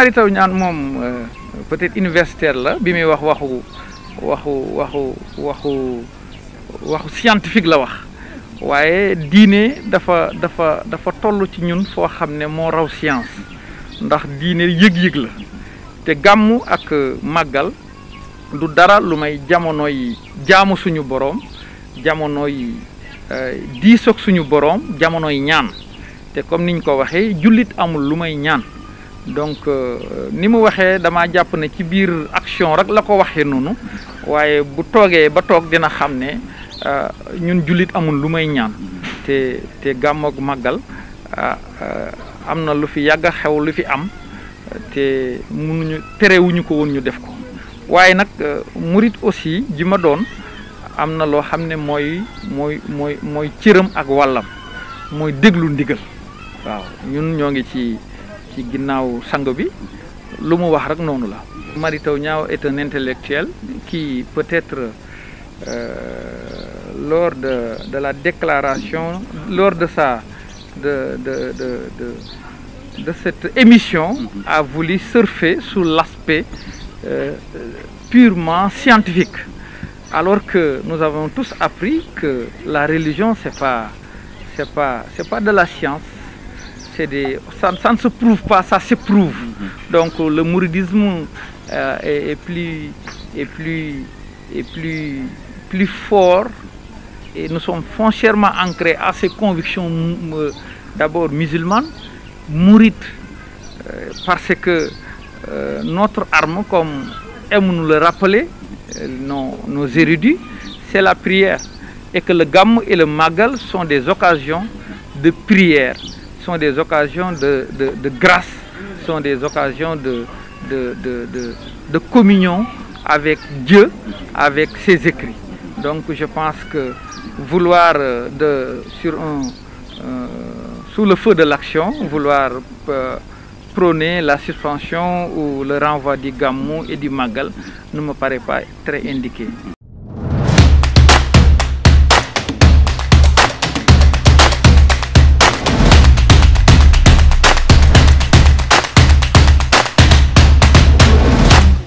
Mary Teuw Niane moom euh, peut-être universitaire la bi muy wax waxu waxu waxu waxu waxu scientifique la wax waaye diine dafa dafa dafa toll ci ñun foo xam ne moo raw science ndax diine yëg-yëg la te gàmmu ak màggal du dara lu may jamono yi jaamu suñu boroom jamono yi euh, diisoog suñu boroom jamono yi ñaan te comme niñ ko waxee jullit amul lu may ñaan donc euh, ni mu waxee damaa jàpp ne ci biir action rek la ko waxee noonu waaye bu toogee ba toog dina xam ne euh, ñun jullit amul lu may ñaan te te gàmm ak màggal ah, euh, am na lu fi yàgg xew lu fi am te mënuñu terewuñu ko woon ñu def ko waaye nag murit aussi ji ma doon am na loo xam ne mooy mooy mooy mooy cëram ak wàllam mooy déglu ndigal waaw ñun ñoo ngi ci ci ginnaaw sang bi lu mu wax rek noonu la. Mary Teuw Niane est un intellectuel qui peut-être euh, lors de la déclaration lors de sa de de de de de cette émission a voulu surfer sur l'aspect euh, purement scientifique alors que nous avons tous appris que la religion c'est pas c'est pas c'est pas de la science c'est des, ça, ça, ne se prouve pas, ça mm-hmm. Donc le mouridisme euh, est, est, plus, est plus, est fort et nous sommes foncièrement ancrés à ces convictions euh, d'abord musulmanes, mourites, euh, parce que euh, notre arme, comme aiment nous le rappeler, euh, nos, nos érudits, c'est la prière. Et que le gamme et le magal sont des occasions de prière. sont des occasions de, de, de grâce, sont des occasions de, de, communion avec Dieu, avec ses écrits. Donc je pense que vouloir euh, de, sur un, euh, sous le feu de l'action, vouloir euh, prôner la suspension ou le renvoi du gamou et du magal ne me paraît pas très indiqué.